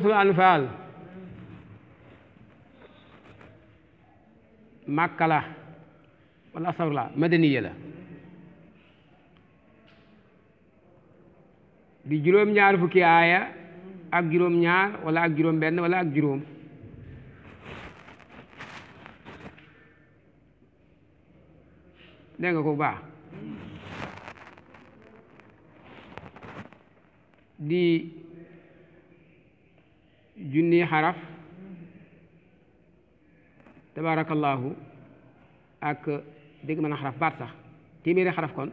suratul anfaal màkka la wala astafurlah madaniya la di juróom-ñaar fukki aaya ak juróom-ñaar wala ak juróom-benn wala ak juróom dégg nga ko bu baax di junni xaraf tabaarakallaahu ak dégg mën a xaraf baat sax téeméeri xaraf kon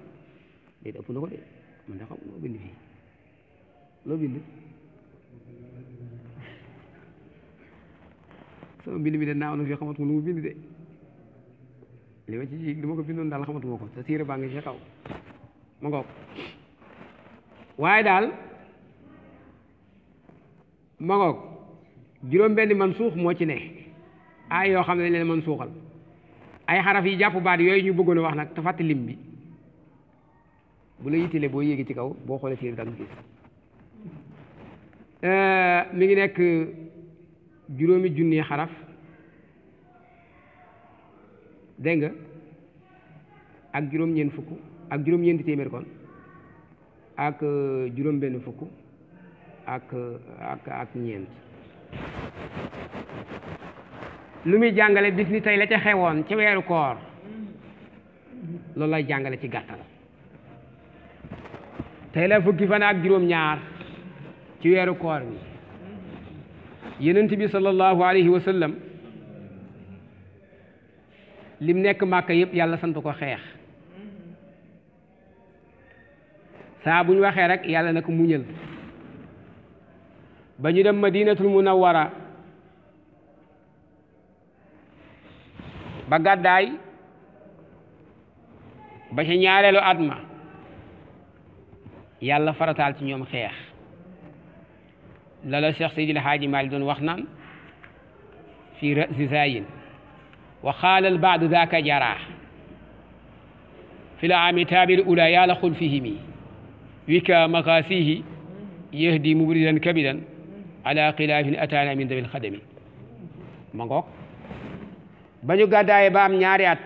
déet ëpp na ko de man de xam loo bind fii loo bind sama bind mi de naaw na fii xamatuma lu mu bind de li ma ci li ma ko bindoon daal xamatuma ko sa siira baa ngi ci kaw ma waaye daal ma juróom-benn man suux moo ci ne ay yoo xam ne leen man suuxal ay xaraf yi jàpp baat yooyu ñu bëggoona wax nag te fàtte lim bi bu la yittelee boo yéegi ci kaw boo xoolee téere da nga gis euh, mi ngi nekk juróomi junni xaraf dégg nga ak juróom-ñeent fukk ak juróom-ñeenti téeméer kon ak euh, juróom-benn fukk ak ak ak ñeent. li muy jàngale bis ni tey la ca xewoon ca weeru koor loolu lay jàngale ci gàttal tey la fukki fan ak juróom-ñaar ci weeru koor bi yonent bi sallallahu alayhi wa sallam lim nekk màkka yëpp yàlla sant ko xeex saa buñ waxee rek yàlla na ko muñal ba ñu dem madinatul munawwara ba gàddaay ba ci ñaareelu at ma yàlla farataal ci ñoom xeex lala Cheikh Seydil Haaji Maalik doon wax naan fi rasi zayin wa xaalal baadu daaka jaraa fi la ami taabir ula yàlla xul fihimi wika makaasihi yahdi mubridan kabiran ala xilaafin ataana min dabil xadami ma ngoog ba ñu gàddaay ba am ñaari at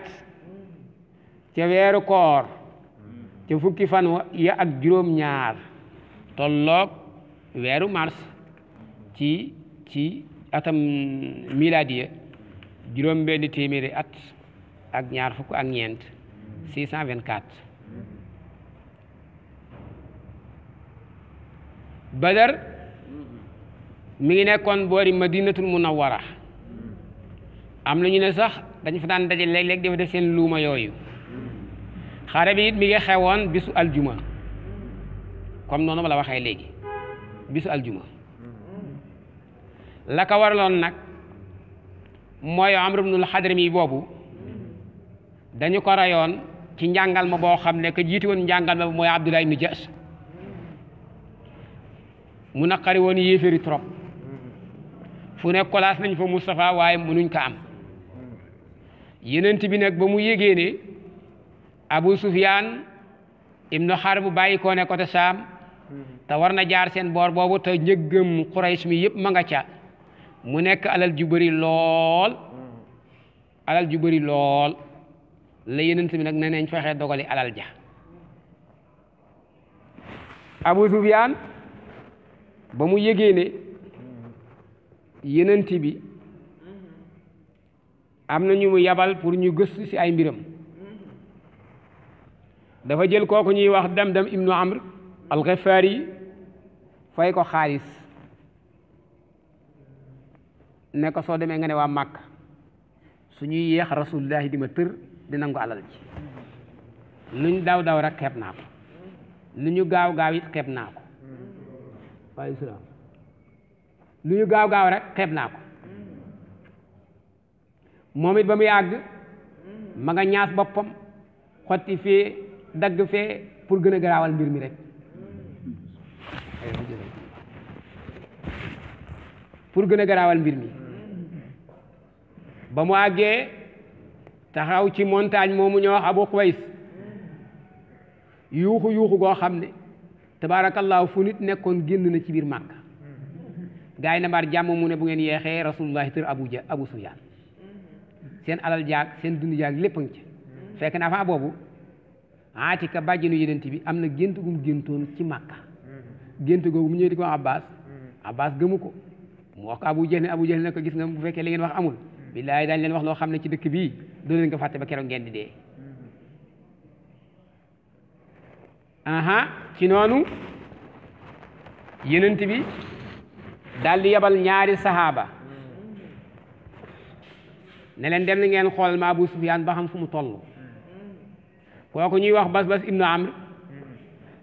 ca weeru koor ca fukki fan ya ak juróom-ñaar tolloog weeru mars ci ci atam miladiya juróom benn téeméeri at ak ñaar fukk ak ñeent 624 badar mi ngi nekkoon boori madinatul munawwara am na ñu ne sax dañu fa daan daje léeg-léeg dafa def seen luuma yooyu xare bi it mi ngi xewoon bisu aljuma comme noonu ma la waxee léegi bisu aljuma la ko waraloon nag mooy Amr ibnul Xadrami boobu dañu ko rayoon ci njàngal ma boo xam ne que jiiti woon njàngal ma mooy Abdullah ibnu Jaas mu naqari woon yéeféeri trop fu ne kolaas nañ fa Moustapha waaye mënuñ ko am yenent bi nag ba mu yégee ne Abu Sufyaan ibnu Harb bu koo ne côté Saam te war na jaar seen boor boobu te njëggam Quraysh mi yëpp ma nga ca mu nekk alal ju bëri lool alal ju bëri lool la yenent bi nag ne neñ fexee dogali alal ja Abu Sufyaan ba mu yégee ne yenent bi am na ñu mu yabal pour ñu gëstu ci ay mbiram dafa jël kooku ñuy wax dem Damdam ibnu Amr al-Ghifari yi fay ko xaalis nekk ko soo demee nga ne waa Màkk su ñuy yeex rasulullahi di ma tër di nangu alal ci luñ daw daw rek xeeb naa ko lu ñu gaaw gaaw it xeeb naa ko waaye ñu gaaw gaaw rek xeeb naa ko moom it ba muy àgg ma nga boppam xotti fee dagg fee pour gën a garaawal mbir mi rek pour gën a garaawal mbir mi ba mu àggee taxaw ci montagne moomu ñoo abu xuways yuuxu yuuxu goo xam ne tabaarakallaahu fu nit nekkoon génn na ci biir màkk gars yi na jàmm mu ne bu ngeen yeexee rasulullahi tër abu ja abu sufyaan seen alal jaag seen dund jaag lépp a ngi na avant boobu Aatika bàjjenu yonent bi am na gént gum géntoon ci Màkka gént googu mu ñëwee di ko Abbas Abbas ko mu wax ko Abu Jahl Abu Jahl ne ko gis nga bu fekkee li ngeen wax amul billaahi daañu leen wax loo xam ne ci dëkk bii doo leen ko fàtte ba keroog ngeen dee aha ci noonu yonent bi daal di yabal ñaari sahaaba ne leen dem ngeen xool ma Abu Sufyaan ba xam fu mu toll kooku ñuy wax Basbas ibnu Amr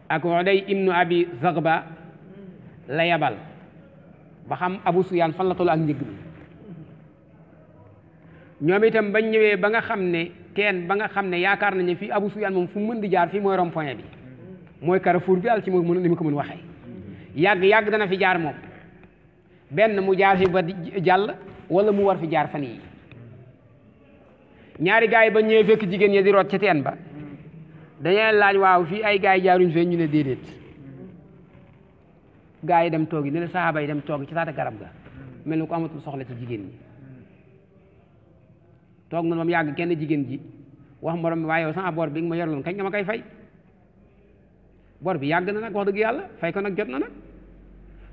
ak Uday ibnu Abi Zagba la yabal ba xam Abu Sufyaan fan la toll ak njëg bi ñoom itam bañ ñëwee ba nga xam ne kenn ba nga xam ne yaakaar nañu fii Abu Sufyaan moom fu mu mën di jaar fii mooy rond-point bi mooy carrefour bi al ci moom ni mu ko mun waxee yàgg yàgg dana fi jaar moom benn mu jaar fi ba jàll wala mu war fi jaar fan yii ñaari gars yi ba ñëwee fekk jigéen ñi di root ci teen ba mm. dañu laaj waaw fii ay gars yi jaaruñ fee ñu ne déedéet mm. gars yi dem toogi ne la saxaaba yi dem toogi ci taata garab ga mm. mel ni ko amatul soxla ci jigéen ñi toog na moom yàgg kenn jigéen ji wax morom bi waaye yow sama bor bi ma yorloon kañ nga ma koy fay bor bi yàgg na nag wax dëgg yàlla fay ko jot na nag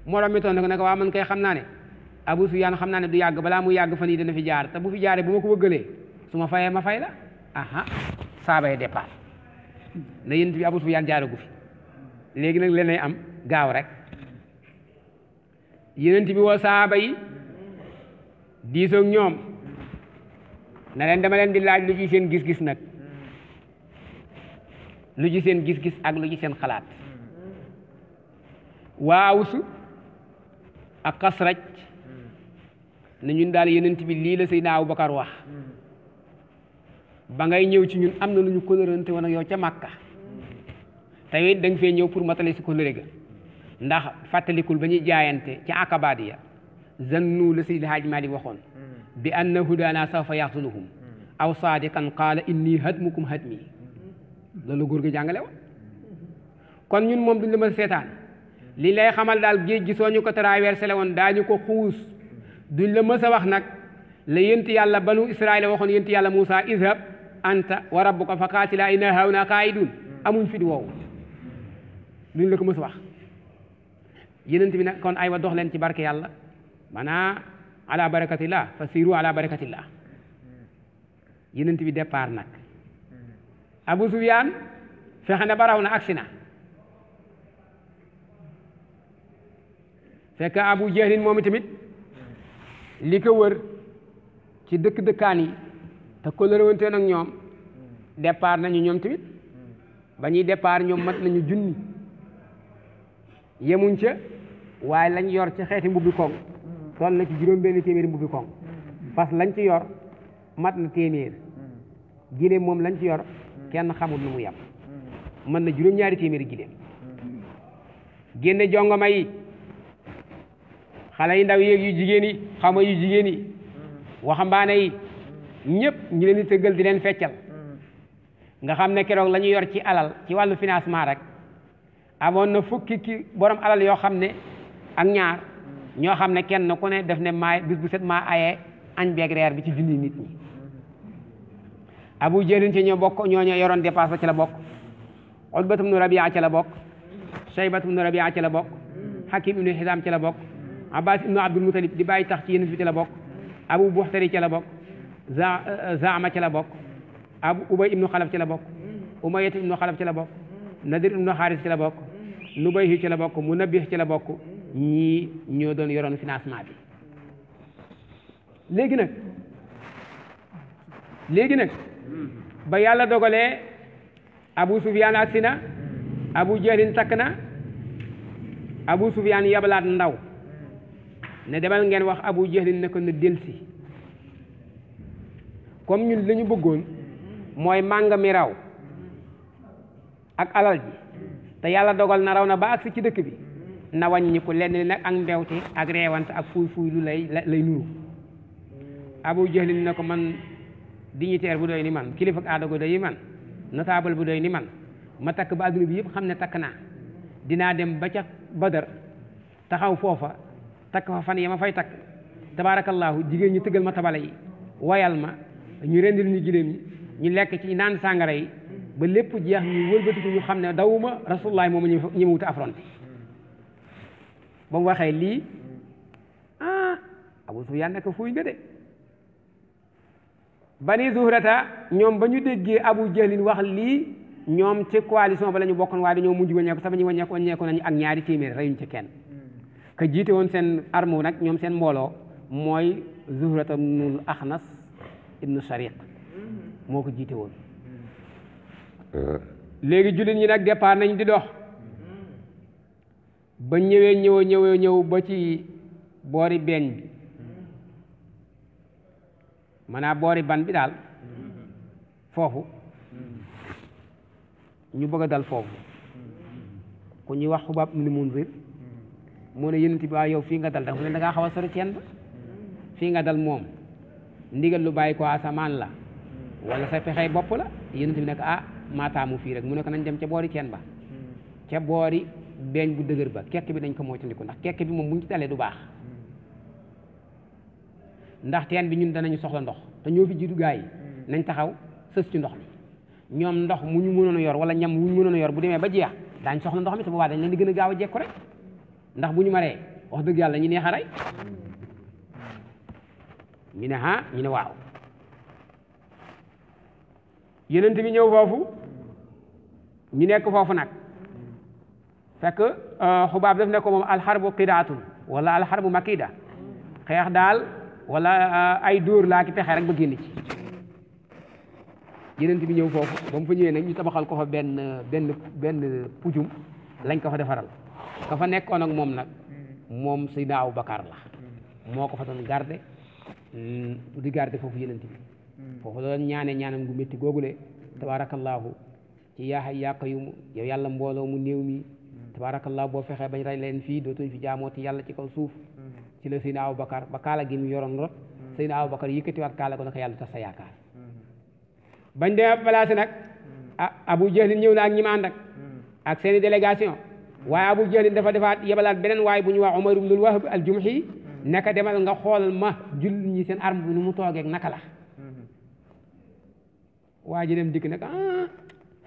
morom mi ton ne ko nag waa man kay xam naa ne Abu Sufyaan xam naa ne du yàgg balaa mu yàgg fan yi dana fi jaar te bu fi jaaree bu ma ko bëggalee su ma fayee ma fay la aha yi départ na yént bi Abu Sufyaan jaaragu fi léegi nag lenay am gaaw rek yenent bi woo saaba yi diisoog ñoom na leen dama leen di laaj lu ci seen gis-gis nag lu ci seen gis-gis ak lu ci seen xalaat waawusu ak xasraj na ñun daal yeneen bi lii la Seydina bakar wa ba ngay ñëw ci ñun am na lu ñu kóllërante woon yow ca màkka te it fee ñëw pour matale si kóllëre ga ndax fàttalikul ba ñuy jaayante ci akabaat ya zannu la Seydi Haaj Maalik waxoon bi an anna hudaana sawfa yaxsuluhum aw saadiqan qaala inni hatmukum hatmi loolu góor gi jàngale woon kon ñun moom duñ la mën seetaan li lay xamal daal géej gi soo ñu ko traversé la woon daañu ko xuus duñ la mës a wax nag la yént yàlla banu Israaïla waxoon yent yàlla Muusa izhab anta wa rabbuka fa qaatilaa innaa haahunaa qaa'iduun amuñ fit woowu duñ la ko mës wax yenent bi nag kon ay wa dox leen ci barke yàlla maanaa ala barakatillah fa siiru ala barakatillah yenent bi départ nag Abu Sufyaan fexe na ba na agsi na fekk Abu Jahlin moom tamit li ko wër ci dëkk dëkkaan te kóllëre nag ñoom depart nañu ñoom tamit ba ñuy départ ñoom mat nañu junni yemuñ ca waaye lañ yor ci xeeti mbubbi koŋ toll na ci juróom-benn téeméeri mbubbi koŋ fas lañ ci yor mat na téeméer gileem moom lañ ci yor kenn xamul nu mu yem mën na juróom-ñaari téeméeri gileem génne jongoma yi xale yi ndaw yéeg yu jigéen yi xama yu jigéen waxambaane yi ñëpp ñu leen di tëggal di leen feccal hmm. nga xam ne keroog la yor ci alal ci wàllu financement rek amoon na fukki ki borom alal yoo xam ne ak ñaar hmm. ñoo xam ne kenn ku ne def ne maay bis bu set maa ayee añ beeg bi ci junni nit ñi hmm. abu jëlin ci ñoo bokk ñoo ñoo yoroon dépasse ci la bokk utbat ibnu rabia ci la bokk shaybat ibnu rabia ci la bokk hakim ibnu hisaam ci la bokk abbas ibnu abdul mutalib di bàyyi tax ci yéen fi ci la bokk abu buxtari ci la bokk Eh, ma ci la bokk abu ubay ibnu xalaf ci la bokk umayat ibnu xalaf ci la bokk nadir ibnu xaaris ci la bokk nubayhi ci la bokk munabih ci la bokk ñii ñoo doon yoroon financement bi léegi nag léegi nag ba yàlla dogalee abu sufyaan agsi na abu jahlin takk na abu sufyaan yabalaat ndaw ne demal ngeen wax abu jahlin ne ko na si comme ñun li bëggoon mooy màng mi raw ak alal ji te yàlla dogal na raw na ba agsi ci dëkk bi na wàññi ko lenn li nag ak mbewte ak reewante ak fuuy fuuy lu lay lay nuru abu jahlin na ko man dignitaire bu doy ni man kilifa ak aada gu doy ni man notable bu doy ni man ma takk ba adduna bi yëpp xam ne takk naa dinaa dem ba ca badar taxaw foofa takk fa fan ya ma fay takk tabaarakallaahu jigéen ñi tëggal ma tabale yi wayal ma ñu rendil ñu giléem yi ñu lekk ci naan sàngara yi ba lépp jeex ñu wëlbatiku ñu xam ne dawuma rasulullah moom ñu ñi ma wuta affronté ba waxee lii ah Abu Sufyaan nekk fuuy nga de ñoom ba ñu déggee Abu Jahlin wax lii ñoom ci coalition ba lañu ñu bokkoon waaye dañoo mujj wàññeeku sama ñu wàññeeku wàññeeku nañu ak ñaari téeméer reyuñ ci kenn ka jiite woon seen arme nag ñoom seen mbooloo mooy zuhrata nul axnas ibnu sariq moo ko jiite woon ah. léegi jullit ñi nag départ nañ di dox ba ñëwee ñëw ñëwee ñëw ba ci boori beeñ bi maanaam boori ban bi daal foofu ñu bëgg a dal foofu ko ñuy wax xubaab ibnu munzir moo ne yonent bi waaw yow fii nga dal dafa leen da ngaa xaw a sori teen ba fii nga dal moom ndigal lu bàyyi ko asamaan la wala sa pexey bopp la yonent bi nekk ah maataamu fii rek mu nekk nañ dem ca boori teen ba ca boori beeñ bu dëgër ba kekk bi dañ ko moytandiku ndax kekk bi moom bu ñu du baax bi ñun danañu soxla ndox te ñoo fi jiitu taxaw sës ndox ñoom ndox mu ñu mënoon a yor wala ñam mu ñu mënoon yor bu demee ba jeex daañ soxla ndox mi te boobaa dañ leen di gën a gaaw a jekku rek ndax bu ñu maree wax dëgg yàlla ñu neex a ñu ne ah ñu ne waaw yenent bi ñëw foofu ñu nekk foofu nag fekk euh, xubaab daf ne ko moom alxarbu qidaatun wala alxarbu makida xeex daal wala euh, ay dóor laa ki pexe rek ba génn ci yenent bi ñëw foofu ba mu fa ñëwee nag ñu tabaxal ko fa benn benn pujum lañ ko fa defaral ka fa nekkoon ak moom nag moom Seydina Abubakar la moo ko fa doon garde Mm, di garder foofu yenent bi mm. foofu la doon ñaane ñaanam gu métti googule mm. tabaarakallaahu ci yaa hayyu yaa qayyuum yow yàlla mbooloo mu néew mi tabaarakallaahu boo fexee bañ rey leen fii dootuñ fi jaamooti yàlla ci kaw suuf ci la Seydina Aboubacar ba kaala gi mu yoroon rot Seydina Aboubacar yëkkatiwaat kaala ko naka yàlla tas sa yaakaar bañ demee placé nag ah Abu Jahlin ñëw na ak ñi ma ànd ak ak seen i délégation waaye Abu Jahlin dafa defaat yebalaat beneen waay bu ñu wax Omar ibnul Wahb neka demal nga xool ma jullit ñi seen arme bi nu mu toogeeg naka la mm-hmm. waa ji dem dikk nag ah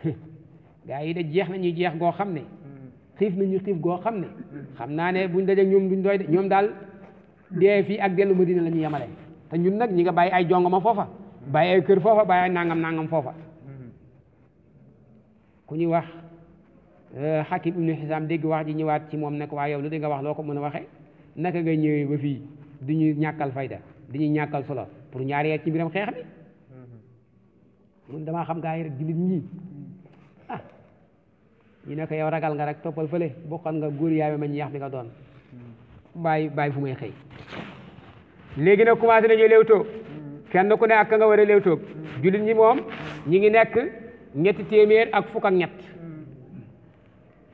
gaa yi de jeex na ñuy jeex goo xam ne mm-hmm. xiif nañu xiif goo xam ne mm-hmm. xam naa ne buñ dajeeg ñoom duñ doy ñoom daal dee fii ak dellu Madina la ñu yemale te ñun nag ñi nga bàyyi ay jongama foofa bàyyi ay kër foofa bàyyi ay nangam nangam foofa ku ñuy wax eh, Hakim ibnu Hisaam dégg wax ji ñëwaat ci moom nag waa yow lu di nga wax loo ko mën a waxee naka nga ñëwee ba fii di ñu ñàkkal fayda du ñu ñàkkal solo pour ñaar yeeg ci mbiram xeex bi mm-hmm. mun damaa xam gaa yi rek jullit ñii ah ñu ne yow ragal nga rek toppal fële bokkoon nga góor yaay ma ñu bi nga doon mm-hmm. bàyyi bàyyi fu may xëy léegi nag commencé nañu léewtoo mm-hmm. kenn ku ne nga war a léewtoo jullit moom ñi ngi nekk ñetti téeméer ak fukk ak ñett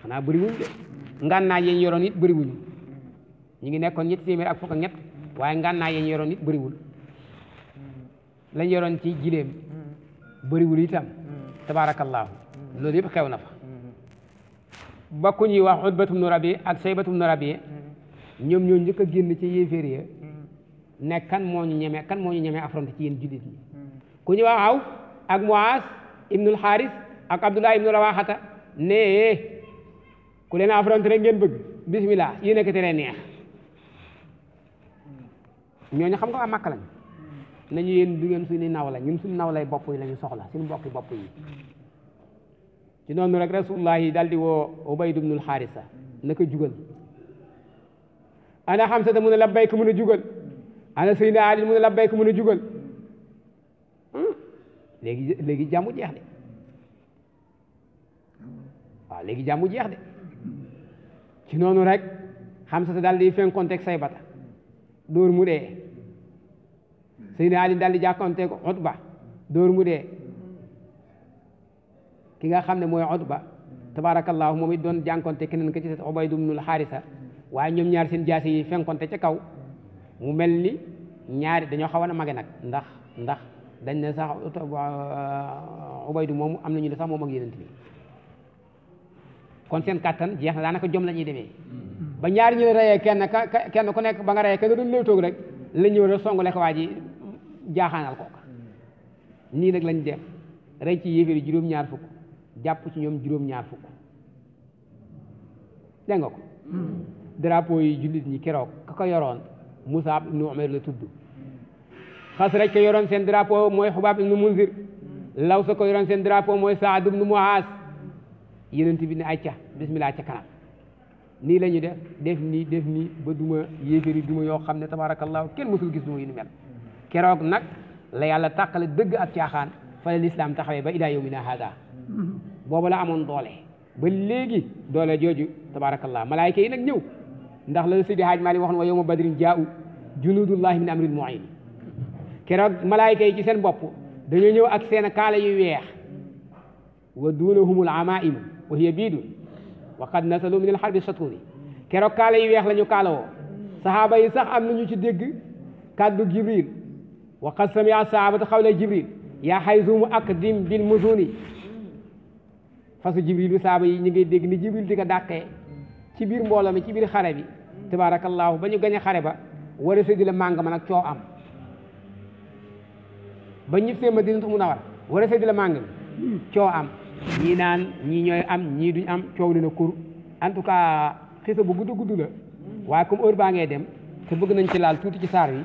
xanaa bëriwuñ de ngànnaay yi ñu yoroon it bëriwuñ ñu ngi nekkoon ñetti téeméer ak fukk ak ñett waaye ngànnaay yi ñu yoroon it bëriwul lañ yoroon ci gileem bëriwul itam tabaarakallaahu loolu yëpp xew na fa ba ku ñuy wax utbatum nu rabi ak saybatum nu rabi ñoom ñoo njëkk génn ci yéeféer ya ne moo ñu ñemee kan moo ñu ñemee affronté ci yéen jullit ñi ku ñu wax aw ak muaas ibnul xaaris ak abdullah ibnu rawaxata nee ku leen affronté ngeen bëgg bismillah yéen a ko neex ñooñu xam nga waa Màkka lañ nañu yéen du ngeen suñu naw la ñun suñu naw lay bopp yi la soxla suñu bokki bopp yi ci noonu rek rasulullah yi daal di woo Ubayd ibnul Xaarisa na ko jugal ana Xamsa mu ne labbayka mu ne jugal ana Sayyidina Ali mu ne labbayka mu ne jugal hmm? léegi léegi jàmmu jeex de waaw léegi jàmmu jeex de ci noonu rek Xamsa daal di fenkonteeg say bata dóor mu dee Seydina Ali daal di jàkkonte ko Utba dóor mu dee ki nga xam ne mooy Utba tabaarakallaahu moom it doon jànkonte keneen ka ci set Ubaydu bnul Xaarisa waaye ñoom ñaar seen jaasi yi fenkonte ca kaw mu mel ni ñaari dañoo xaw a mage nag ndax ndax dañ ne sax Ubaydu moom am nañu ne sax moom ak yeneen bi kon seen kàttan jeex na daanaka jom la ñuy demee hmm. ba ñaar ñu reyee kenn ka kenn ku nekk ba nga reyee ka nga doon léew toog rek la ñëw rek songu lekk waa ji jaaxaanal kooka nii nag lañ def rey ci yéeféeri juróom-ñaar fukk jàpp ci ñoom juróom-ñaar fukk dégg nga ko hmm. drapeau yi jullit ñi keroog ka ko yoroon Musab ibnu Umar la tudd xas rek ko yoroon seen drapeau mooy Xubaab ibnu Munzir hmm. law sa ko yoroon seen drapeau mooy Saad ibnu Muaas yonent bi ne ay ca bismillah ca kanam nii la ñuy def def nii def nii ba duma yéeféri duma yoo xam ne tabaarakallaahu kenn mësul gis duma yu ni mel keroog nag la yàlla tàqale dëgg ak caaxaan fa la lislaam taxawee ba idaa yawmina haada booba la amoon doole ba léegi doole jooju tabaarakallaahu malaayika yi nag ñëw ndax la Seydi Haaj wax waxoon wa yawma badrin jaa'u junuudullaahi min amril mu'in keroog malaayika yi ci seen bopp dañoo ñëw ak seen kaala yu weex wa duunahumul amaa'imu wa hiya biidun wa qad nasalu min alxarbi shatuuni keroog kaala yi weex la ñu kaalawoo sahaaba yi sax am nañu ci dégg kàddu jibril wa qad samia sahabatu xawla jibril yaa xayzumu akdim bil muzuni fasu jibril bi sahaaba yi ñu ngi dégg ni jibril di ko dàqee ci biir mbooloo mi ci biir xare bi tabaarakallaahu ba ñu gañ xare ba war a séddale màng ma nag coow am ba ñib see Madinatu Munawwara war a séddale màng mi coow am ñii naan ñii ñooy am ñii duñ am coow li na kur en tout cas xisa bu gudd gudd la waaye comme heure baa ngay dem te bëgg nañ ci laal tuuti ci saar yi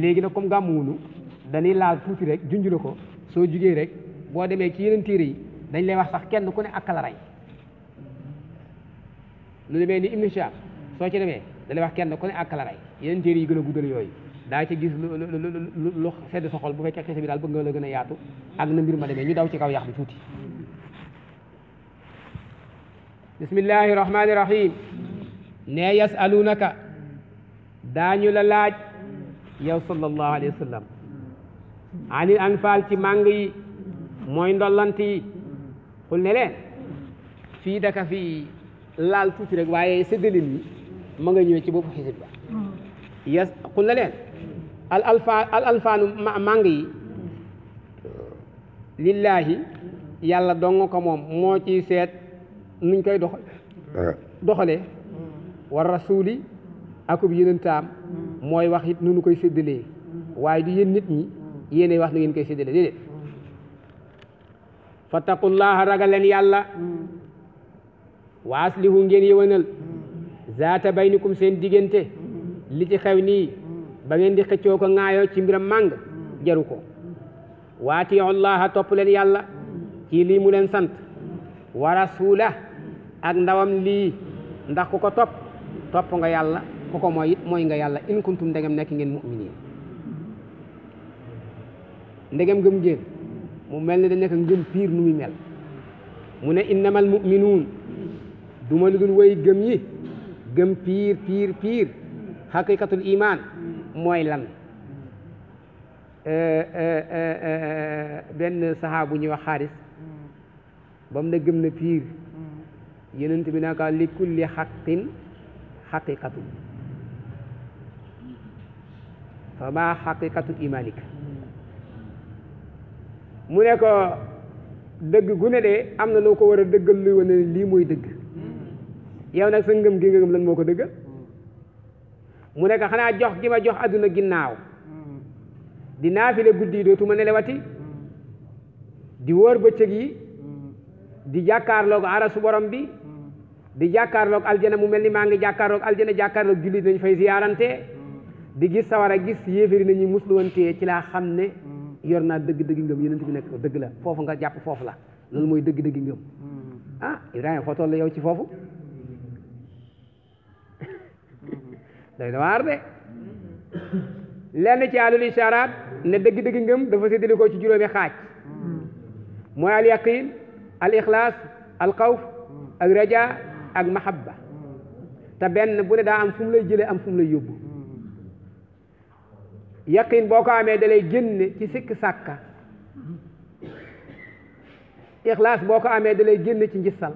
léegi nag comme gàmmuwunu dañuy laal tuuti rek junj ko soo jugee rek boo demee ci yeneen téere yi dañ lay wax sax kenn ku ne ak la rey lu demee ni Ibn Shihab soo ci demee da lay wax kenn ku ne ak la rey yeneen téere yi gën a guddal yooyu daa ci gis lu lu lu sedd sa xol bu fekkee xisa bi daal bëgg nga la gën a yaatu ak na mbir ma demee ñu daw ci kaw yax bi tuuti bismillahi rahmaani rahim ne yasalunaka daañu la laaj yow sallallahu alayhi wa sallam anfaal ci màng yi mooy ndollant yi xul ne leen fii daka fi laal tuuti rek waaye séddalin yi ma nga ñëw ci boppu xisib ba yes xul ne leen al alfaanu màng yi lillaahi yàlla dong ko moom moo ciy seet nuñ koy dox ah. doxalee war rasuuli akub yonentaam mm. mooy wax it koy séddalee mm. waaye du yéen nit ñi mm. yéene wax nu ngeen koy séddalee déedéet fattaqullaha ragal leen yàlla wa aslihu ngeen yëwanal zaata baynikum seen diggante li ci xew nii ba ngeen di xëccoo ko ŋaayoo ci mbiram màng jaru ko waatiullaha topp leen yàlla ci lii leen sant wa rasuula ak ndawam lii ndax ku ko topp topp nga yàlla ku ko mooy mooy nga yàlla in kuntum ndegem nekk ngeen mu'miniin ndegem gëm ngeen mu mel ni da nekk ngëm piir nu muy mel mu ne innamal mu'minuun du ma lu dul woy gëm yi gëm piir piir piir xaqiqatul iman mooy lan benn saxaa ñuy wax xaaris ba mu ne gëm na piir yenent bi naka li kulli xaqin xaqiqatu fa maa xaqiqatu imanik mu ne dëgg gu ne de am na loo ko war a dëggal luy wane lii mooy dëgg yow nag sa ngëm gi ngëm lan moo ko dëggal mu ne xanaa jox gi ma jox àdduna ginnaaw di naafile guddi yi dootuma nelewati di wóor bëccëg yi di jàkkaarloo ko arasu borom bi di jàkkaarloog aljana mu mel ni maa ngi jàkkaarloog aljana jàkkaarloog jullit nañ fay ziyaarante di gis a gis yéeféri nañu musluwantee ci laa xam ne yor naa dëgg-dëgg ngëm yenent bi nekk dëgg la foofu nga jàpp foofu la loolu dëgg-dëgg ah, yow ci foofu ci àllul isharaat ne dëgg-dëgg ngëm dafa séddale ko ci juróomi xaaj mooy al yaqin al ak raja ak mahabba te benn bu ne daa am fu mu lay jëlee am fu mu lay yóbbu yaqin boo ko amee dalay génne ci sikk sàkka ixlaas boo ko amee dalay lay génne ci njissal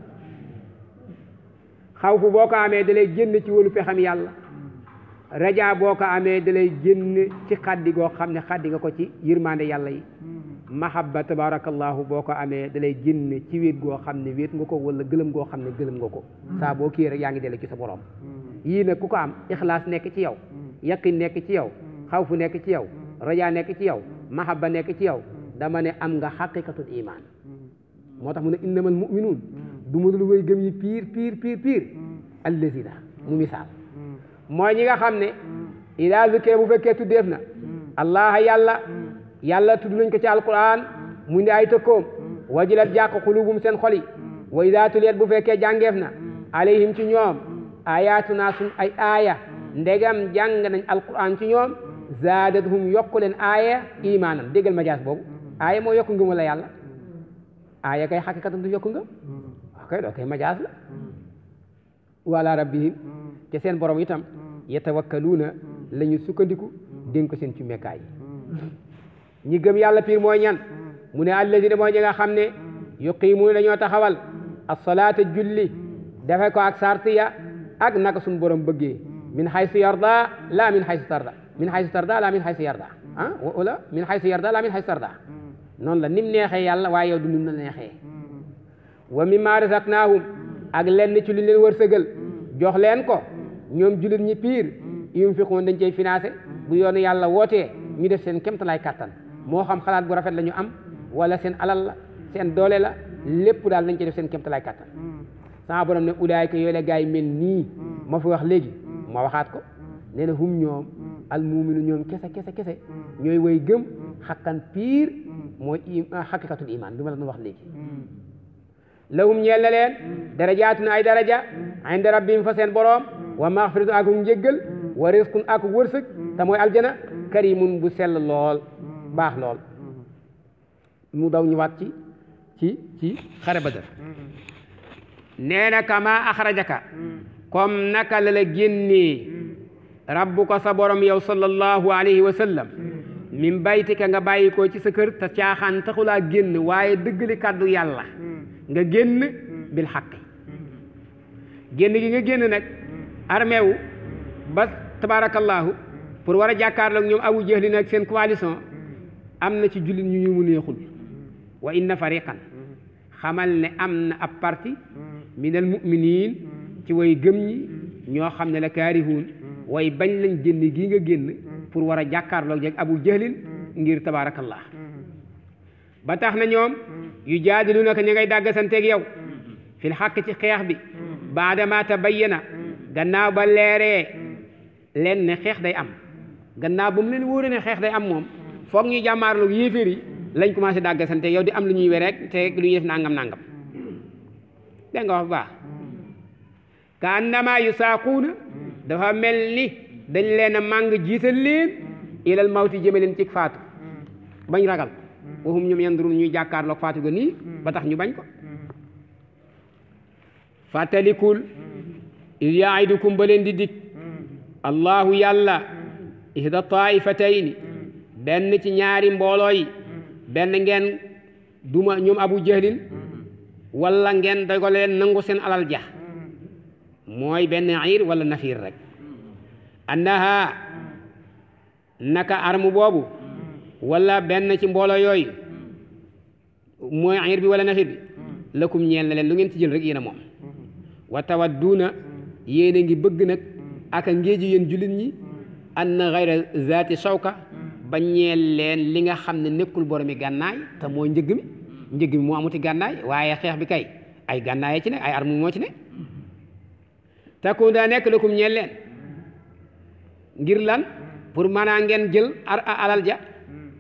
xawfu boo ko amee da lay ci wóolu pexam yàlla rajaa boo ko amee dalay lay génne ci xaddi goo xam ne xaddi nga ko ci yërmande yàlla yi mahabba tabarakallahu boo ko amee da lay génne ci wéet goo xam ne wéet nga ko wala gëlëm goo xam ne gëlëm nga ko hmm. saa boo kii rek yaa ngi dellu ci sa borom hmm. yii nag ku ko am ixlaas nekk ci yaw hmm. yaqin nekk ci yaw yow xawfu nekk ci yow rajaa nekk ci yow mahabba nekk ci yaw dama ne am nga xaqiqatul iman moo tax mu ne innamal muminuun du ma dul way gëm yi piir piir piir mu misaal mooy ñi nga xam ne ila zikra bu fekkee tuddeef na allah yàlla yàlla tudd nañ ko ci alquran mu ndi ay tëkkoom wajilat jàq xulubum seen xol yi wa ida tuliyat bu fekkee jàngeef na alayhim ci ñoom ayaatuna sun ay aaya ndegam jàng nañ alquran ci ñoom zaadathum yokku leen aaya imaanan déggal majaas boobu aaya moo yokku ngëm la yàlla aaya kay xaqiqatan du yokku ngëm wax kay doo kay majaas la wala rabbihim ca seen borom itam yatawakkaluuna la ñu sukkandiku dénk seen ci mekkaay ñi gëm yàlla piir mooy ñan mu ne alladina mooy ñi nga xam ne yuqiimuuna dañoo taxawal asalaata julli dafe ko ak sartiya ak naka suñu borom bëggee min su yarda laa min xaysu tarda min xaysu tarda laa min xaysu yarda ah, wala min xaysu yarda laa min xaysu noonu la nim neexee yàlla waaye du nim la neexee wa mimma razaqnaahum ak lenn ci lu leen wërsëgal jox leen ko ñoom jullit ñi piir yum fiqoon dañ cey financé bu yoonu yàlla wootee ñu def seen kémtalaay kattan moo xam xalaat bu rafet la ñu am wala seen alal la seen doole la lépp daal nañ ci def seen kéemtalaay kàttan sama borom ne ulaayka yooyu la gaa yi mel nii ma fi wax léegi ma waxaat ko nee na hum ñoom al ñoom kese kese kese ñooy way gëm xakkan piir mooy ah, xaqiqatul iman bi ma la doon wax léegi lahum ñeel na leen darajaatun ay daraja inda rabbihim fa seen boroom wa maxfiratun ak njéggal wa risqun ak wërsëg te mooy aljana karimun bu sell lool baax lool mu daw ñëwaat ci ci ci xare Badar nee na kama axrajaka comme naka la la génnee ko sa borom yow sallallahu alayhi wa sallam min baytika nga bàyyi ko ci sa kër te caaxaan génn waaye dëggali kàddu yàlla nga génn bil xaqi génn gi nga génn nag armée ba tabaarakallaahu pour war a jàkkaarloog ñoom abu jahli nag seen coalition am na ci jullit ñu ñu mu neexul wa inna fariqan xamal ne am na ab parti minal muminin ci way gëm ñi ñoo xam ne la kaarihuun way bañ lañ génn gi nga génn pour war a jàkkaarloog jeg abu jahlin ngir tabaarakallah ba tax na ñoom yu jaadilu naka ña ngay dàggasanteeg yow fil xàq ci xeex bi bay tabayyana gannaaw ba leeree leen ne xeex day am gannaaw ba mu leen wóore ne xeex day am moom foog ñuy jàmmaarloog yéeféer yi lañ commencé dàggasante yow di am lu ñuy wereek te lu ñuy def nangam nangam dégg nga wax baax ka annama yusaaquuna dafa mel ni dañ leen a màng jiital leen ilal mawti jëme leen ci faatu bañ ragal waxum ñoom yandurun ñuy jàkkaarloog faatu ga nii ba tax ñu bañ ko fàttalikul il yaidukum ba leen di dig allahu yàlla ihda taifataini benn ci ñaari mboolooy mm-hmm. benn ngeen duma ñoom abu jahlin mm-hmm. wala ngeen dogo leen nangu seen alal ja mm-hmm. mooy benn iir wala nafiir rek annaha naka armu boobu walla benn ci mbooloo yooyu mooy iir bi wala nafiir bi lakum ñeel leen lu ngeen ci jël rek yéen moom wa tawadduuna yéen a ngi bëgg nag ak a ngéeji yéen jullit ñi anna gayra zaati shawka ba ñeel leen li nga xam ne nekkul boromi gànnaay te mooy njëgg mi njëgg mi moo amuti gànnaay waaye xeex bi kay ay gànnaay ci ne ay arme moo ci ne te takun daa nekk lakum ñeel leen ngir lan pour man maanaa ngeen jël ar alal ja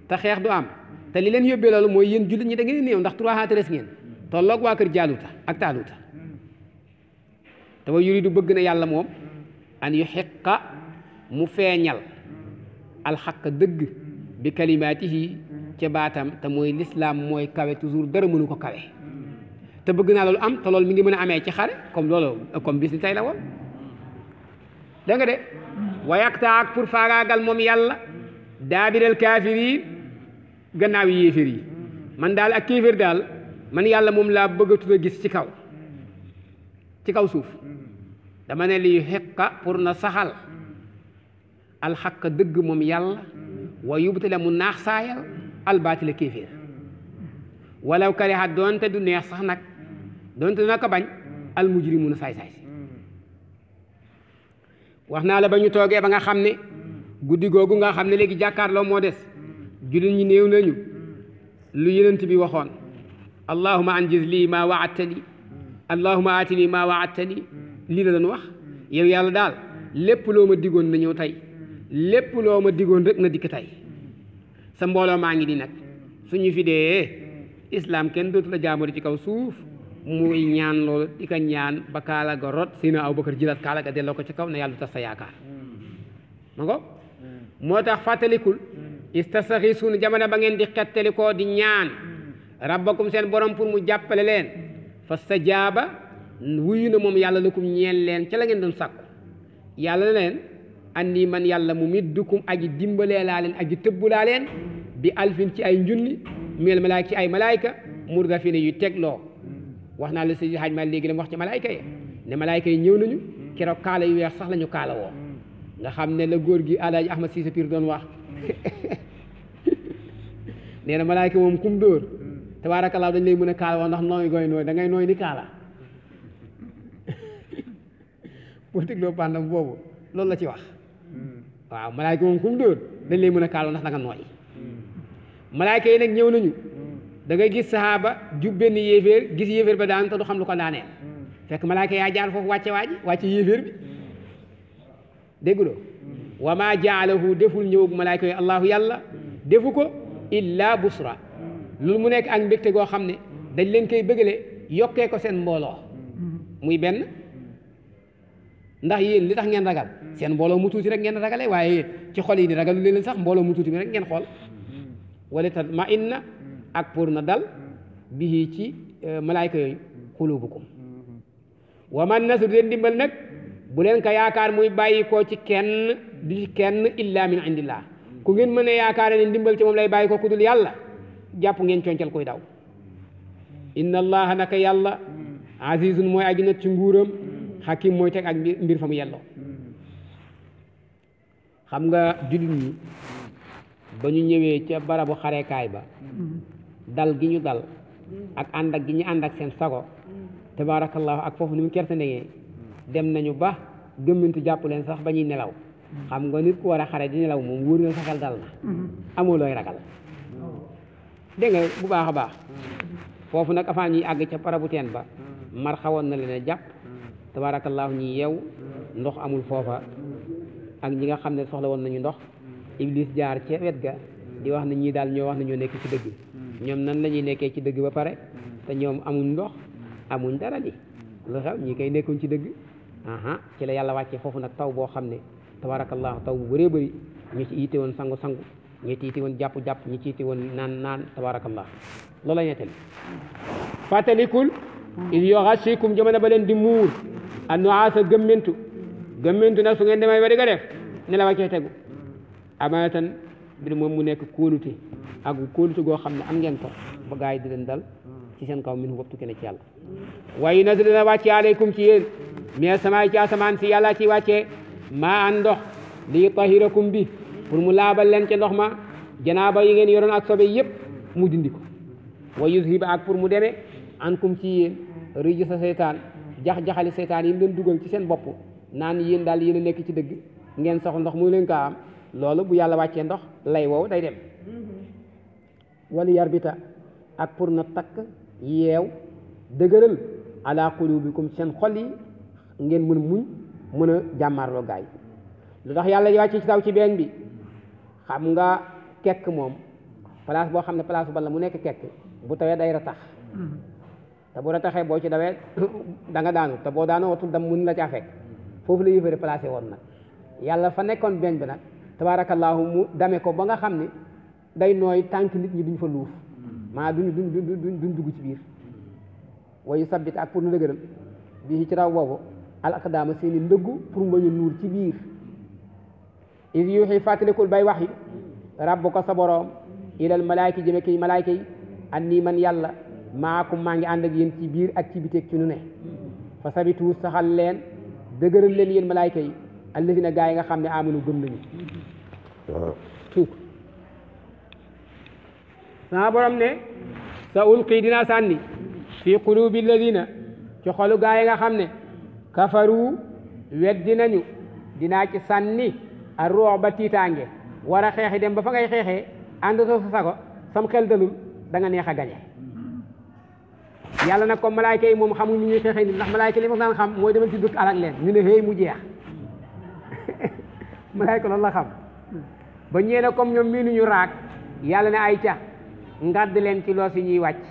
te xeex du am te li leen yóbbee loolu mooy yéen jullit ñi da ngeen néew ndax trois cent treize ngeen tolloog waa kër jaaluta ak taaluta te wa yuridu bëgg na yàlla moom an yu xiqa mu feeñal alxaq dëgg bi kalimaatihi ca baatam te mooy lislaam mooy kawe toujours dara mënu ko kawe te bëgg naa loolu am te loolu mi ngi mën a amee ci xare comme loolu comme bis ni tey la woon da de wayakta ak pour faagaagal moom yàlla daabiral kaafir gannaaw yi yi man daal ak kéefér daal man yàlla moom laa bëgg a tudd gis ci kaw ci kaw suuf dama ne liy xeqa pour na saxal alxaq dëgg moom yàlla wa yubtila mu naax saayal albaatila kéeféer walaw kariha doonte du neex sax nag doonte dina ko bañ almujrimuuna saay saay si wax naa la ba ñu toogee ba nga xam ne guddi googu nga xam ne léegi jàkkaarloo moo des jullit ñi néew nañu lu yenent bi waxoon allahuma anjiz lii maa waadta li allahuma aati nii maa lii la doon wax yow yàlla daal lépp loo ma diggoon na ñëw tey lépp loo ma digoon rek na dikk tey sa mbooloo maa ngi di nag suñu fi dee islaam kenn dootu la jaamu ci kaw suuf muy ñaan loolu di ko ñaan ba kaala ga si naa aw bakar jilaat kaala delloo ko ci kaw na yàlla du tas sa yaakaar ma ngo moo tax fàttalikul istasaxisuun jamono ba ngeen di xettalikoo di ñaan rabbakum seen borom pour mu jàppale leen fa jaaba wuyu na moom yàlla lakum ñeel leen ca la ngeen doon sàkku yàlla leen anni man yàlla mu middukum aji dimbalee laa leen aji tëbbu laa leen bi alfin ci ay njunni minal malaayka ci ay malaayka murdafina yu tegloo wax naa la si xaaj ma léegi dama wax ci malaayka yi ne malaayka yi ñëw nañu keroog kaala yu weex sax lañu ñu kaala woo nga xam ne la góor gi alaaji ahmad siise piir doon wax nee na malaayka moom kum dóor tabaarakallaa dañ lay mën a kaala woo ndax nooy gooy nooy da ngay nooy ni kaala boo dégloo bàndam boobu loolu la ci wax Hmm. waaw malaayka moom ku mu dóor dañ lay mën a kaaloo ndax da nga nooy hmm. malaayka yi nag ñëw nañu hmm. da ngay gis saxaaba jub benn yéeféer gis yéeféer ba daan te du xam lu ko daaneel fekk malaayka yaa jaar foofu wàcce waaji wàcce yéeféer bi dégguloo wa maa jaalahu deful ñëwug malaayka yi allahu yàlla defu ko illa busra loolu mu nekk ak mbégte goo xam ne dañ leen koy bëggale yokkee ko seen mbooloo muy benn ndax yéen li tax ngeen ragal seen mbooloo mu tuuti rek ngeen ragale waaye ci xol yi di ragalu leen sax mbooloo mu tuuti bi rek ngeen xool wala ta ma inna ak pour na dal bii ci euh, malaayka yooyu xulubukum wa man nasr leen dimbal nag bu leen ka yaakaar muy bàyyi ci kenn du ci kenn illa min indillah ku ngeen mën a yaakaare ne dimbal ci moom lay bàyyi ko ku yàlla jàpp ngeen concal koy daw inna allaha naka yàlla azizun mooy aji nat ci nguuram xakim mooy teg ak mbir fa mu xam nga jullit ñi ba ñu ñëwee ca barabu xarekaay ba dal gi ñu dal ak ànd ak gi ñu ànd ak seen sago tabaarakallaahu ak foofu ni mu kertandegee dem nañu ba gëmmintu jàpp leen sax ba ñuy nelaw xam nga nit ku war a xare di nelaw moom wóor na sa xel dal na amoo looy ragal dégg bu baax a baax foofu nag afaan ñuy àgg ca barabu teen ba mar xawoon na leen a jàpp tabaarakallaahu ñi yeew ndox amul foofa ak ñi nga xam ne soxla woon nañu ndox iblis jaar ca wet ga di wax ne ñii daal ñoo wax nañoo nekk ci dëgg ñoom nan la ñuy nekkee ci dëgg ba pare te ñoom amul ndox amuñ dara li lu xew ñii kay nekkuñ ci dëgg ci la yàlla wàccee foofu nag taw boo xam ne tabaarakallaahu taw bu bëree bëri ñu ci yitte woon sangu-sangu ñu ci yitte woon jàpp-jàpp ñu ci yitte woon naan naan tabaarakallaahu loola ñetteel fàttalikul il yughashikum jamono ba leen di muur an-nu'aasa gëmmentu gëmmentu nag su ngeen demee ba di ko def ne la wàccee tegu amaatan mbir moom mu nekk kóolute ak kóolute goo xam ne am ngeen ko ba gaa yi di leen dal ci seen kaw min woptu kenn ci yàlla waaye nag dina wàcce aleykum ci yéen mais samaay ci asamaan si yàlla ci wàccee maa an ndox lii tahirakum bi pour mu laabal leen ca ndox ma janaaba yi ngeen yoroon ak sobe yëpp mu dindi ko wa yuzhiba ak pour mu ankum ci yéen hmm. rëy sa seytaan hmm. jax-jaxali seytaan yi mu leen dugal ci seen bopp naan yéen daal yéen a nekk ci dëgg ngeen soxla ndox muy leen kaa am loolu bu yàlla wàccee ndox lay wow day dem hmm. wala yarbita ak pour na takk yeew dëgëral comme ci seen xol yi ngeen mën muñ mën a jàmmaarloo gaay lu tax yàlla wàccee ci taw ci benn bi xam nga kekk moom place boo xam ne place bala mu nekk kekk bu tawee day ratax te bu la taxee boo ci dawee da daanu te boo daanoo watul dam mun la caa fekk foofu la yëfari placé woon nag yàlla fa nekkoon beñ bi nag tabaarakallaahu mu dame ko ba nga xam ni day nooy tànk nit ñi duñ fa luuf maa duñu duñ duñ duñ dugg ci biir wayu sabbit ak pour nu dëgëral bii ci raw boobu al aqdaama seeni ndëggu pour mbañu nuur ci biir is yuuxi fàttalikul bay wax yi ràbb ko sa boroom ilal malaayka jëme ki malaayka yi an nii man yàlla maakum maa ngi ànd ak yéen ci biir ak ci biteeg ci nu ne fa sabitu saxal leen dëgëral leen yéen malaayka yi allazina gaa yi nga xam ne amunu gëm nañu tuug sama borom ne sa ulqi dinaa sànni fi qulubi allazina ci xolu gaa yi nga xam ne kafaru weddi nañu dinaa ci sànni a roox ba tiitaange war a xeexi dem ba fa ngay xeexee ànd sa sago sam xel dalul da nga neex a gañe yàlla nag comme malaayka yi moom xamuñ ni ñuy xeexee nit ndax malaayka li ma daan xam mooy demal ci dëkk alak leen ñu ne xëy mu jeex malaayka loolu la xam ba ñee ne comme ñoom miinuñu raak yàlla ne ay ca ngàdd leen ci loos yi ñuy wàcc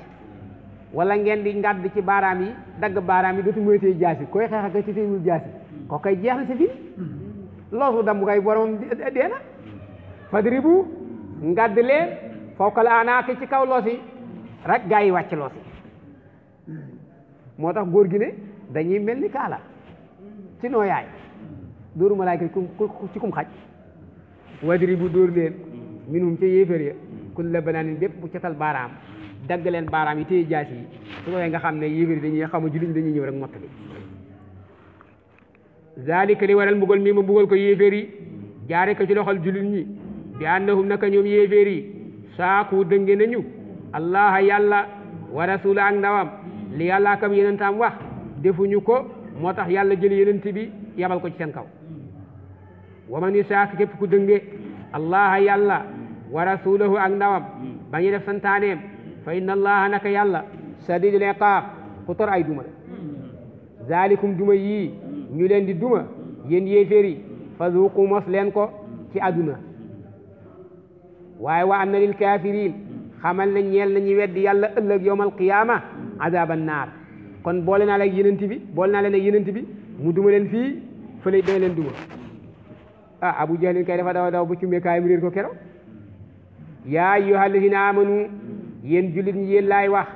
wala ngeen di ngàdd ci baaraam yi dagg baaraam yi dootu moytee jaasi koy xeex ak ci téewul jaasi ko koy jeex na si fii loosu damm koy boromam dee na fadribu ngàdd leen fawqa al anaaqi ci kaw loos yi rek yi wàcc loos moo tax góor gi ne dañuy mel ni kaala ci nooyaay dóoru malaayka ci kum xaj wadri bu dóor leen minum ca yéefér ya kun la banaanin bépp bu catal baaraam dagg leen baaraam yi téye jaas yi su ko nga xam ne yéefér yi dañuy xamu jullit dañuy ñëw rek mott bi zalika li waral mbugal mii ma mbugal ko yéefér yi jaare ko ci loxol jullit ñi bi annahum naka ñoom yéeféer yi saaku dënge nañu allaha yàlla wa rasula ak ndawam li yàlla akam yenentaam wax defuñu ko moo tax yàlla jël yenent bi yabal ko ci seen kaw wa man yusaak képp ku dënge allaha yàlla wa rasulahu ak ndawam ba ñu def santaaneem fa inna allaha naka yàlla sadidul iqaab ku tor ay duma la duma yii ñu leen di duma yen yéeféer fa zuuqu mos leen ko ci àdduna waay wa anna lil kaafiriin xamal na ñeel nañu weddi yàlla ëllëg yowmal qiyaama azaba naar kon boole naa la ak bi boole naa leen ak bi mu duma leen fii fële dana leen duma ah abu jahlin kay dafa daw daw ba cumbee kaayam réer ko kero yaa ayyuhal lazina amanu yéen jullit ñi laay wax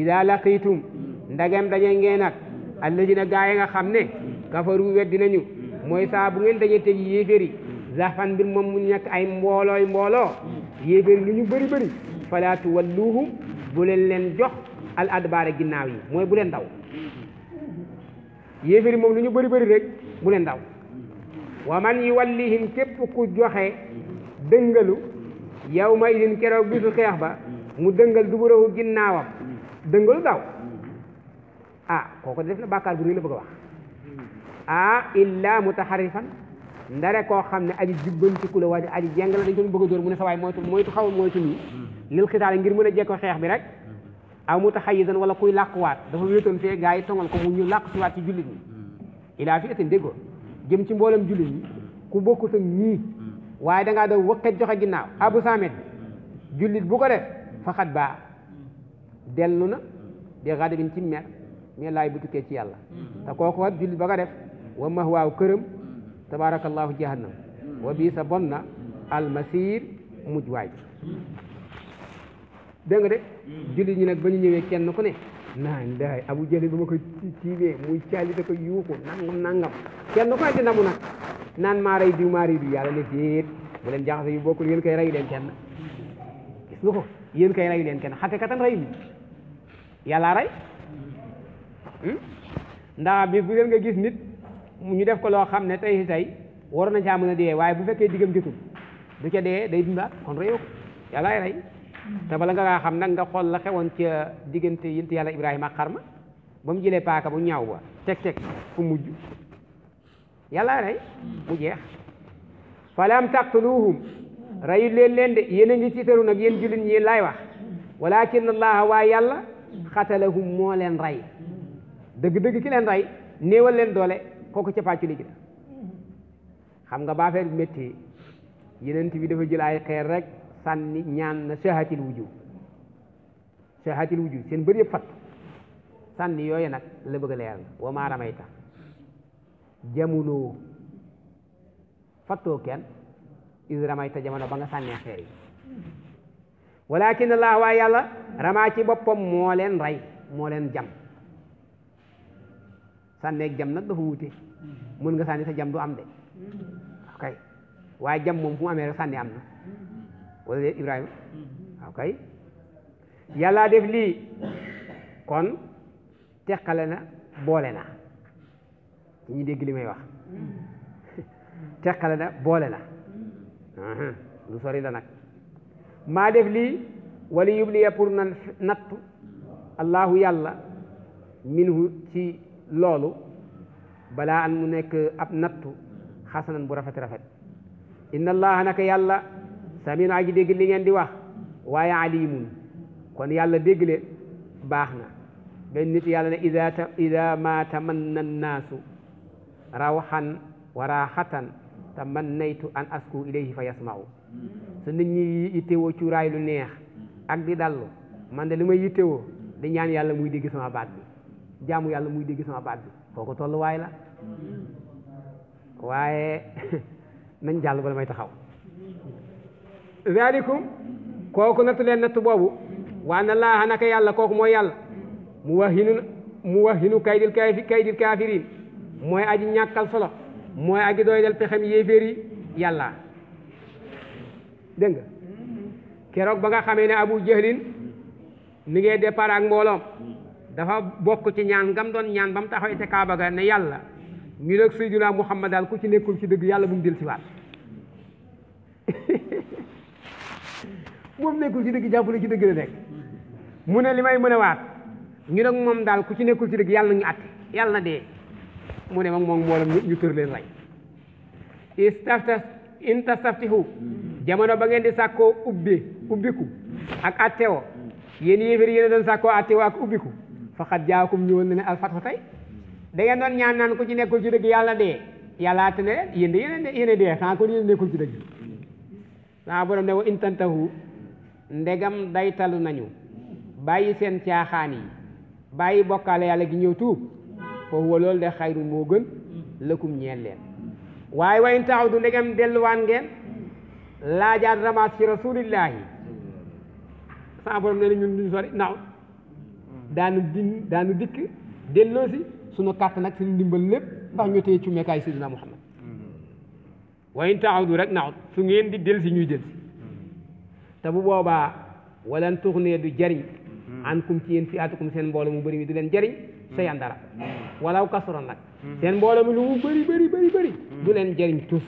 ida laqiitum ndagam daje ngeen ak allazina gaa yi nga xam ne kafaru weddi nañu mooy saa bu ngeen daje teg yéeféeri zafan mbir moom mu nekk ay mboolooy mbooloo yéeféeri lu ñu bëri bëri falaatu walluuhum bu leen leen jox al adbaare ginnaaw yi mooy bu leen daw yéeféri moom lu ñu bëri bëri rek bu leen daw wa man yuwallihim képp ku joxe dëngalu yow ma idin keroog bisu xeex ba mu dëngal duburahu ginnaawam dëngalu daw ah kooku def na bàkkaar bu rëy la bëgg a wax ah illa mutaharifan ndare koo xam ne aji jubbantiku la waa aji jeng la dañ ko bëgg a mu ne sa waay moytu moytu xaw moytu nii lil ngir mën a jekkoo xeex bi rek a aw mutaxayyisan wala kuy làquwaat dafa wéetoon fee gaa yi tongal ko mu ñu làq siwaat ci jullit ñi hmm. ilaa fi atan déggoo jëm ci mboolem jullit ñi ku bokk ak ñii hmm. waaye da ngaa doon wëkkat joxe ginnaaw abu samet hmm. jullit bu ko def faxat baa dellu na di xadabin ci mer mais laay bu tukkee ci yàlla te kooku wat jullit ba ko def wa mah waaw këram tabarakallahu jahannam wa bii sa bon na almasir mujj waay dégg nga de hmm. jullit ñi nag ba ñu ñëwee kenn ku ne naan daay abu jëli ba ma ko tiibee muy caalita ko yuuxu nangam nangam kenn ku ne di namu nag naan maa rey diw maa rey diw yàlla ne déet bu leen jaxase yu bokk yéen koy reyu leen kenn gis nga ko yéen koy reyu leen kenn xaqiqatan reyu yàlla rey hmm? ndax bis bu leen nga gis nit ñu def ko loo xam ne tey si tey waroon na caa mën a dee waaye bu fekkee diggam jotul du ca dee day dundaat kon reyoo ko yàllaay rey te bala nga xam nag nga xool la xewoon ca diggante yonent yàlla Ibrahima ak xarma ba mu jëlee paaka bu ñaaw ba teg teg fu mujj yàlla rey mu jeex falam taqtuluhum rayut leen leen de yéen a ngi nag yéen jullit yi laay wax walakin allaha waa yàlla xatalahum moo leen rey dëgg-dëgg ki leen rey néewal leen doole kooku ca pàccu li xam nga ba affaire métti yenent bi dafa jël ay xeer rek sànni ñaan na sahatil wujub sahatil wujub seen bër yëpp fatt sànni yooyu nag la bëgg a leer wa maa ramayta jamonoo fattoo kenn is ramayta jamono ba nga sànnee xeer yi walakin allah waa yàlla ramaa ci boppam mooleen rey moo jam sànneeg jam nag dafa wuute mën nga sànni sa jam du am de kay jam moom fu mu amee rek sànni am na wala dee Ibrahima mm-hmm. yàlla kay def lii kon teqale na boole na ci ñu dégg li may wax mm-hmm. teqale na boole na mm-hmm. uh-huh. lu sori la nag maa def lii wala yubliya pour na nattu allahu yàlla minhu ci loolu balaa an mu nekk ab nattu xasanan bu rafet rafet inna allaha naka yàlla samin aji dégg li ngeen di wax waaye alimun kon yàlla dégg baax na benn nit yàlla ne ida ida ma tamanna naasu rawxan wa raaxatan tamannaytu an asku ilayhi fa yasmau su nit ñi yittewoo cuuraay lu neex ak di dallu man de li may yittewoo di ñaan yàlla muy dégg sama baat bi jaamu yàlla muy dégg sama baat bi kooku tolluwaay la waaye nañ jàll bala may taxaw zalikum kooku nattu leen boobu waa na laaha naka yàlla kooku mooy yàlla mu wahinu mu wahinu kaydil kaafi kaydil kaafirin mooy aji ñàkkal solo mooy aji doy del pexem yéeféer yàlla dégg nga keroog ba nga xamee ne abu jahlin mi ngee départ ak mbooloom dafa bokk ci ñaan ngam doon ñaan ba mu taxawee ca Kaaba ga ne yàlla ñu nag Seydina Muhammad ku ci nekkul ci dëgg yàlla bu mu dellusiwaat moom nekkul ci dëgg jàppale ci dëgg la mu ne li may mën a waat ñu nag moom daal ku ci nekkul ci dëgg yàlla na ñu àtte yàlla na dee mu ne moom moom mboolam ñu tër leen rey istafta jamono ba ngeen di sàkkoo ubbi ubbiku ak attewoo yéen yéefér yéen doon sàkkoo attewoo ak ubbiku faqad jaakum ñëwal na ne alfatxu da ngeen doon ñaan naan ku ci nekkul ci dëgg yàlla dee yàlla atte ne leen yéen de yéen a ci dëgg saa borom ndegam daytalu nañu bàyyi seen caaxaan yi bàyyi bokkaale yàlla gi ñëw tuub foofu wa de xayru moo gën lëkkum ñeel waaye wayn taxaw du ndegam delluwaan ngeen laajaat ramaas ci rasulillahi sa borom ne na ñun duñ sori naw daanu din daanu dikk delloo si suñu kàtt nag suñu ndimbal lépp ndax ñu téye ci mekaay sidina Muhammad mm-hmm. wayn taxaw du rek naw su ngeen di del si ñuy del te bu boobaa walan tuxnee du jariñ mm-hmm. an kum ci yéen fi atukum seen mbooloo mu bëri mi du leen jariñ mm-hmm. sey an dara mm-hmm. walaw kasaroon nag seen mbooloo mi lu mu bëri bëri bëri du leen jariñ tus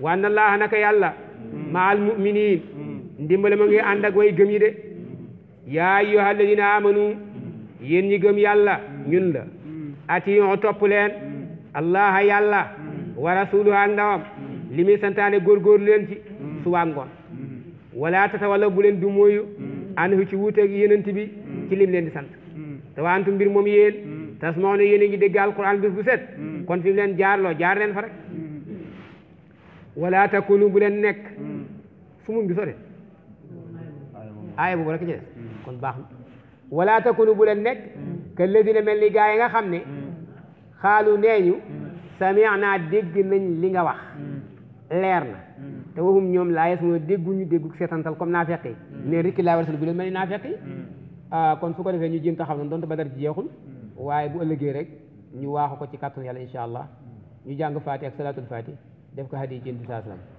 waan laaha naka yàlla maal muminin ndimbale ma ngi ànd ak way gëm yi de yaa ayyuha alladina amanu yéen ñi gëm yàlla ñun la atiyon topp leen allaha yàlla wa rasuluha ndawam li muy santaane góorgóorlu leen ci suba ngoon wala tatawala bu leen du mooyu mm. anhu ci wuuteeg yenent bi mm. ci lim leen di sant mm. te wa antum mbir moom yéen tasmauna yéen a ngi dégg alquran bis bu set kon fi leen jaarloo jaar leen fa rek wala takunu bu leen nekk fu mu ngi sore baax na wala bu leen nekk que lazina mel ni gaa yi nga xam ne xaalu nee ñu sami'na dégg nañ li nga wax leer na te waxum ñoom laa yes mooy dégguñu déggu seetantal kom naa feqi mm. ne rikki laa war sal bi leen mel ni naa feqi mm. ah, kon su ko defee ñu a xam noonu donte ba dara jeexul mm. waaye bu ëllëgee rek ñu waaxu ko ci kàttan yàlla incha allah ñu jàng faati ak salaatul faati def ko hadiyi ci indi saa salaam